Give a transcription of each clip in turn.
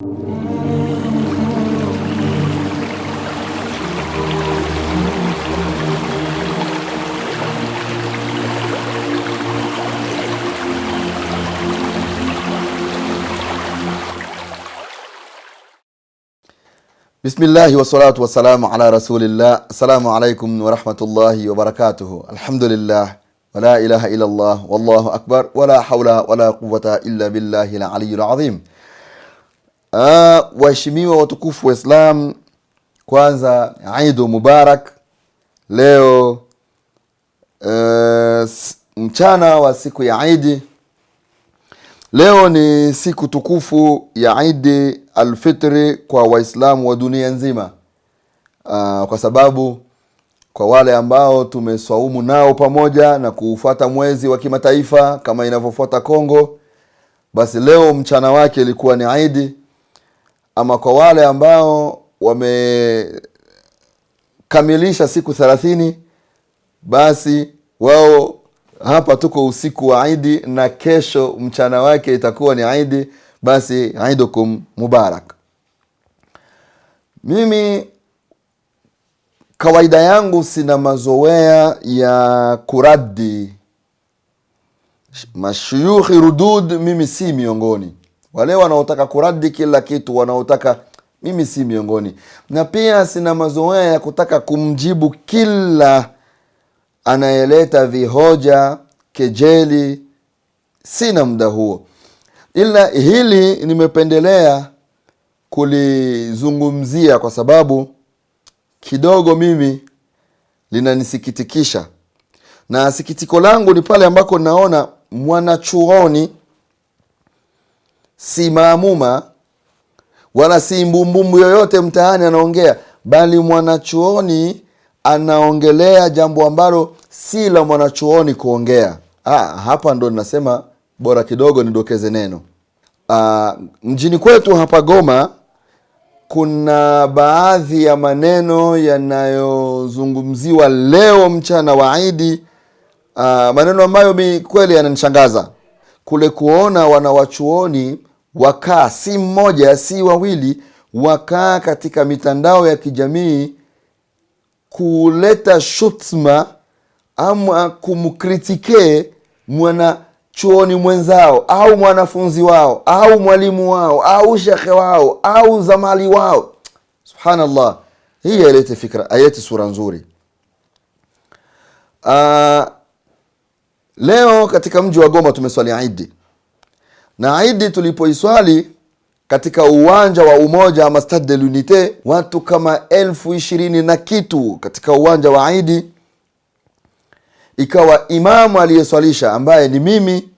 بسم الله والصلاة والسلام على رسول الله السلام عليكم ورحمة الله وبركاته الحمد لله ولا إله إلا الله والله أكبر ولا حول ولا قوة إلا بالله العلي العظيم Uh, waheshimiwa watukufu wa Islam, kwanza Eidu Mubarak. Leo uh, mchana wa siku ya Idi, leo ni siku tukufu ya Idi Alfitri kwa Waislamu wa dunia nzima, uh, kwa sababu kwa wale ambao tumeswaumu nao pamoja na kuufuata mwezi wa kimataifa kama inavyofuata Kongo, basi leo mchana wake ilikuwa ni Idi ama kwa wale ambao wamekamilisha siku thelathini, basi wao hapa tuko usiku wa Idi na kesho mchana wake itakuwa ni Idi, basi Idukum Mubarak. Mimi kawaida yangu sina mazoea ya kuradi mashuyuhi rudud, mimi si miongoni wale wanaotaka kuradi kila kitu, wanaotaka mimi si miongoni, na pia sina mazoea ya kutaka kumjibu kila anayeleta vihoja, kejeli. Sina muda huo, ila hili nimependelea kulizungumzia kwa sababu kidogo mimi linanisikitikisha, na sikitiko langu ni pale ambako naona mwanachuoni si maamuma wala si mbumbumbu yoyote mtaani anaongea, bali mwanachuoni anaongelea jambo ambalo si la mwanachuoni kuongea. Ah, hapa ndo ninasema bora kidogo nidokeze neno. Ah, mjini kwetu hapa Goma kuna baadhi ya maneno yanayozungumziwa leo mchana wa Idi, ah, maneno ambayo mi kweli yananishangaza kule kuona wanawachuoni wakaa, si mmoja si wawili, wakaa katika mitandao ya kijamii kuleta shutma ama kumkritikee mwanachuoni mwenzao au mwanafunzi wao au mwalimu wao au shekhe wao au zamali wao. Subhanallah, hii haileti fikra, haileti sura nzuri. Aa, ah, leo katika mji wa Goma tumeswali Idi na Idi tulipoiswali katika uwanja wa umoja ama Stade de l'Unite, watu kama elfu ishirini na kitu katika uwanja wa Idi, ikawa imamu aliyeswalisha ambaye ni mimi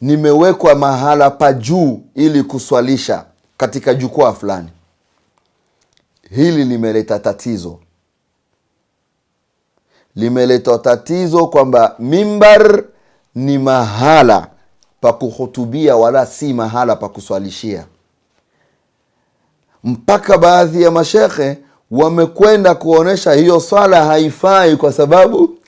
nimewekwa mahala pa juu ili kuswalisha katika jukwaa fulani. Hili limeleta tatizo, limeleta tatizo kwamba mimbar ni mahala pa kuhutubia wala si mahala pa kuswalishia, mpaka baadhi ya mashekhe wamekwenda kuonyesha hiyo swala haifai, kwa sababu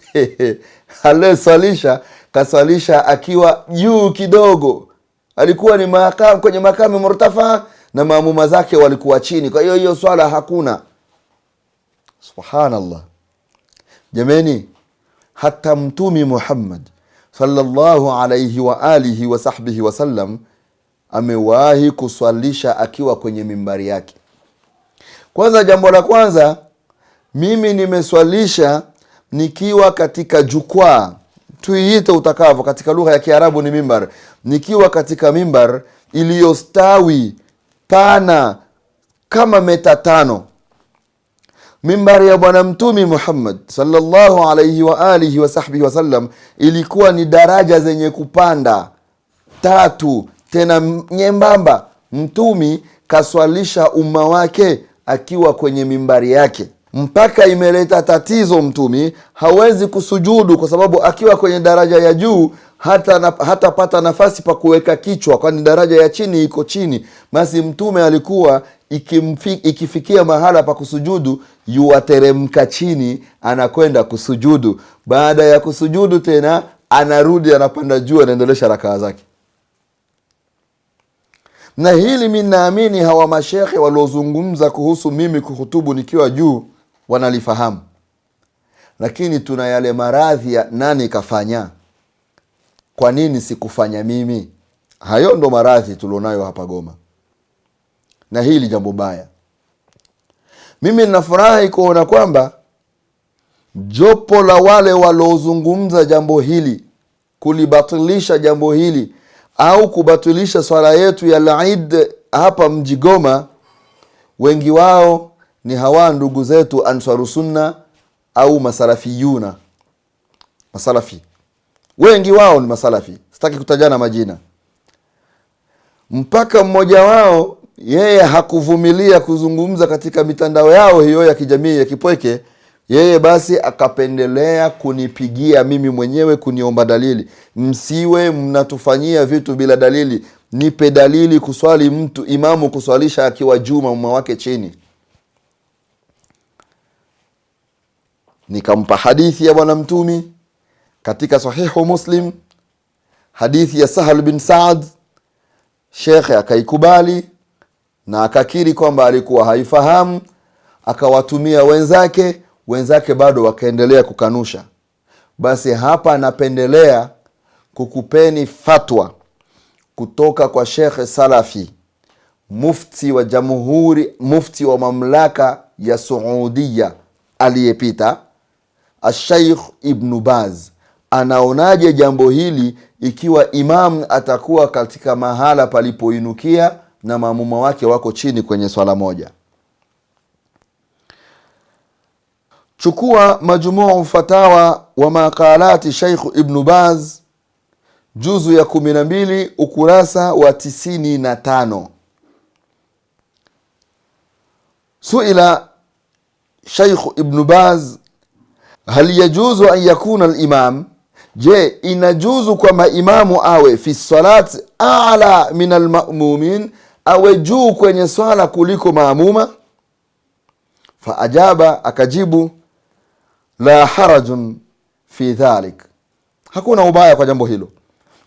aliyeswalisha kaswalisha akiwa juu kidogo, alikuwa ni makam, kwenye makame murtafa na maamuma zake walikuwa chini, kwa hiyo hiyo swala hakuna. Subhanallah jameni, hata Mtumi Muhammad sallallahu alaihi wa alihi wa sahbihi wasallam amewahi kuswalisha akiwa kwenye mimbari yake. Kwanza, jambo la kwanza, mimi nimeswalisha nikiwa katika jukwaa, tuiite utakavyo, katika lugha ya Kiarabu ni mimbar. Nikiwa katika mimbar iliyostawi pana kama meta tano mimbari ya Bwana Mtumi Muhammad sallallahu alaihi wa alihi wasahbihi wasallam ilikuwa ni daraja zenye kupanda tatu tena nyembamba. Mtumi kaswalisha umma wake akiwa kwenye mimbari yake, mpaka imeleta tatizo. Mtumi hawezi kusujudu kwa sababu akiwa kwenye daraja ya juu hata na, hatapata nafasi pa kuweka kichwa, kwani daraja ya chini iko chini. Basi mtume alikuwa ikifikia mahala pa kusujudu, yuwateremka chini, anakwenda kusujudu. Baada ya kusujudu tena anarudi, anapanda juu, anaendelesha rakaa zake. Na hili mi naamini hawa mashekhe waliozungumza kuhusu mimi kuhutubu nikiwa juu wanalifahamu, lakini tuna yale maradhi ya nani kafanya, kwa nini sikufanya mimi. Hayo ndo maradhi tulionayo hapa Goma na hili jambo baya. Mimi ninafurahi kuona kwamba jopo la wale waliozungumza jambo hili kulibatilisha jambo hili au kubatilisha swala yetu ya laid hapa mji Goma, wengi wao ni hawa ndugu zetu Ansaru Sunna au masalafiyuna. Masalafi wengi wao ni masalafi, sitaki kutajana majina. Mpaka mmoja wao yeye hakuvumilia kuzungumza katika mitandao yao hiyo ya kijamii ya kipweke yeye basi akapendelea kunipigia mimi mwenyewe kuniomba dalili. Msiwe mnatufanyia vitu bila dalili, nipe dalili. Kuswali mtu imamu kuswalisha akiwa juu mauma wake chini. Nikampa hadithi ya Bwana Mtumi katika Sahihu Muslim, hadithi ya Sahal bin Saad. Shekhe akaikubali na akakiri kwamba alikuwa haifahamu, akawatumia wenzake, wenzake bado wakaendelea kukanusha. Basi hapa anapendelea kukupeni fatwa kutoka kwa Shekhe Salafi, mufti wa jamhuri, mufti wa mamlaka ya Suudia aliyepita, Ashaikh Ibnu Baz anaonaje jambo hili, ikiwa imamu atakuwa katika mahala palipoinukia na maamuma wake wako chini kwenye swala moja. Chukua Majmuu Fatawa wa Maqalati Sheikh Ibnu Baz juzu ya kumi na mbili ukurasa wa tisini na tano. Suila Sheikh Ibnu Baz, hal yajuzu an yakuna limam je, inajuzu kwa maimamu awe fi salat ala min almamumin awe juu kwenye swala kuliko maamuma? Faajaba, akajibu la harajun fi dhalik, hakuna ubaya kwa jambo hilo,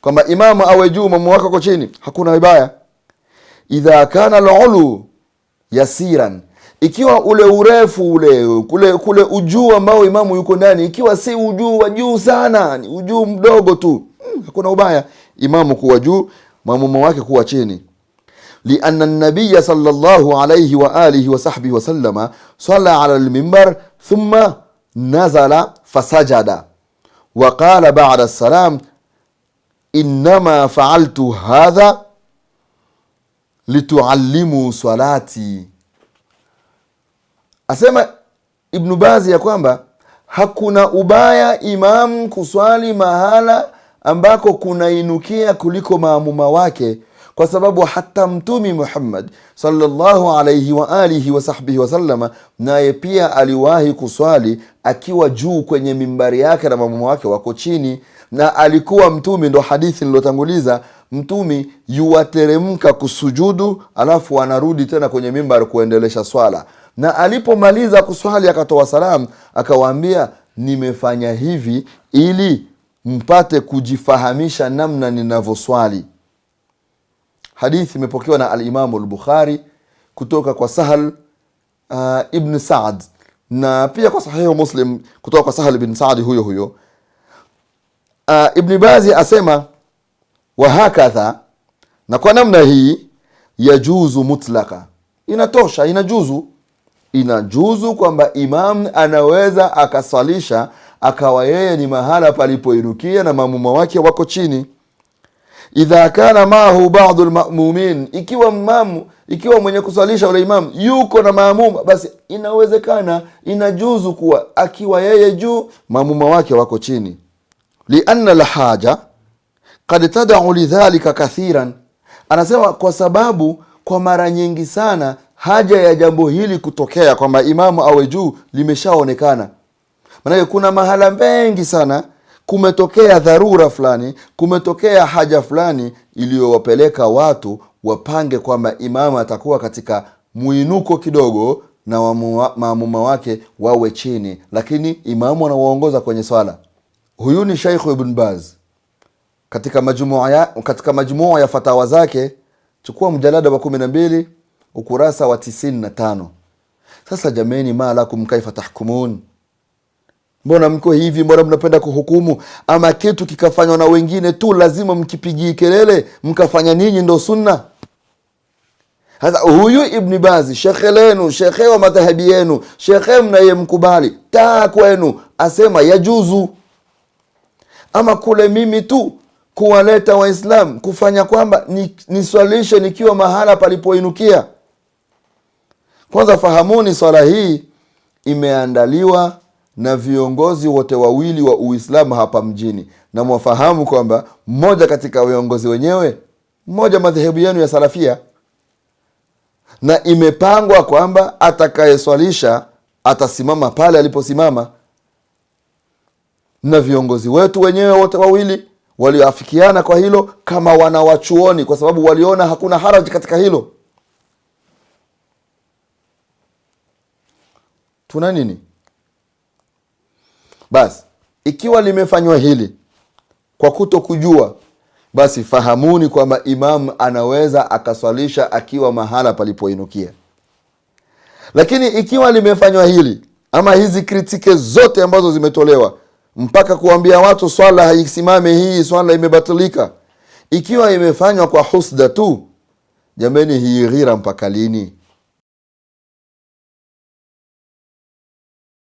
kwamba imamu awe juu mamu wake ko chini, hakuna ubaya. Idha kana lulu yasiran, ikiwa ule urefu ule kule, kule ujuu ambao imamu yuko ndani, ikiwa si ujuu wa juu sana, ni ujuu mdogo tu, hmm, hakuna ubaya imamu kuwa juu mamuma wake kuwa chini لأن النبي صلى الله عليه وآله وصحبه وسلم صلى على المنبر ثم نزل فسجد وقال بعد السلام إنما فعلت هذا لتعلموا صلاتي أسمى ابن باز يا يقول هكنا أبايا إمام كسوالي مهالا أمباكو كنا ينوكيا كلكم أمو kwa sababu hata mtumi Muhammad sallallahu alaihi wa alihi wasahbihi wasallama naye pia aliwahi kuswali akiwa juu kwenye mimbari yake na mamamu wake wako chini, na alikuwa mtumi ndo hadithi nilotanguliza, mtumi yuwateremka kusujudu, alafu anarudi tena kwenye mimbari kuendelesha swala, na alipomaliza kuswali akatoa salamu, akawaambia nimefanya hivi ili mpate kujifahamisha namna ninavyoswali. Hadithi imepokewa na Alimamu Lbukhari kutoka kwa Sahal uh, ibn Saad na pia kwa Sahihu Muslim kutoka kwa Sahal ibn Saadi huyo huyo. Uh, Ibni Bazi asema wahakadha, na kwa namna hii yajuzu mutlaka, inatosha, inajuzu, inajuzu kwamba imam anaweza akaswalisha akawa yeye ni mahala palipoinukia na mamuma wake wako chini idha kana maahu badu lmamumin, ikiwa mamu, ikiwa mwenye kuswalisha ule imamu yuko na maamuma, basi inawezekana inajuzu kuwa akiwa yeye juu maamuma wake wako chini. Lianna lhaja kad tadau lidhalika kathiran, anasema kwa sababu kwa mara nyingi sana haja ya jambo hili kutokea kwamba imamu awe juu limeshaonekana. Maanake kuna mahala mengi sana kumetokea dharura fulani, kumetokea haja fulani iliyowapeleka watu wapange kwamba imamu atakuwa katika mwinuko kidogo na maamuma wake wawe chini, lakini imamu anawaongoza kwenye swala. Huyu ni Shaikhu Ibn Baz katika majumua ya, katika majumua ya fatawa zake, chukua mjalada wa kumi na mbili ukurasa wa tisini na tano. Sasa jameni, ma lakum kaifa tahkumun mbona mko hivi, mbona mnapenda kuhukumu? Ama kitu kikafanywa na wengine tu lazima mkipigii kelele, mkafanya ninyi ndo sunna. Hasa huyu Ibni Bazi, shekhe lenu, shekhe wa madhahabi yenu, shekhe mkubali taa kwenu, asema yajuzu. Ama kule mimi tu kuwaleta waislam kufanya kwamba niswalishe nikiwa mahala palipoinukia. Kwanza fahamuni, swala hii imeandaliwa na viongozi wote wawili wa Uislamu hapa mjini, na mwafahamu kwamba mmoja katika viongozi wenyewe mmoja madhehebu yenu ya Salafia, na imepangwa kwamba atakayeswalisha atasimama pale aliposimama, na viongozi wetu wenyewe wote wawili walioafikiana kwa hilo kama wanawachuoni, kwa sababu waliona hakuna haraji katika hilo. Tuna nini? Basi ikiwa limefanywa hili kwa kuto kujua, basi fahamuni kwamba imamu anaweza akaswalisha akiwa mahala palipoinukia. Lakini ikiwa limefanywa hili ama hizi kritike zote ambazo zimetolewa mpaka kuambia watu swala haisimame, hii swala imebatilika, ikiwa imefanywa kwa husda tu, jamani hii ghira mpaka lini?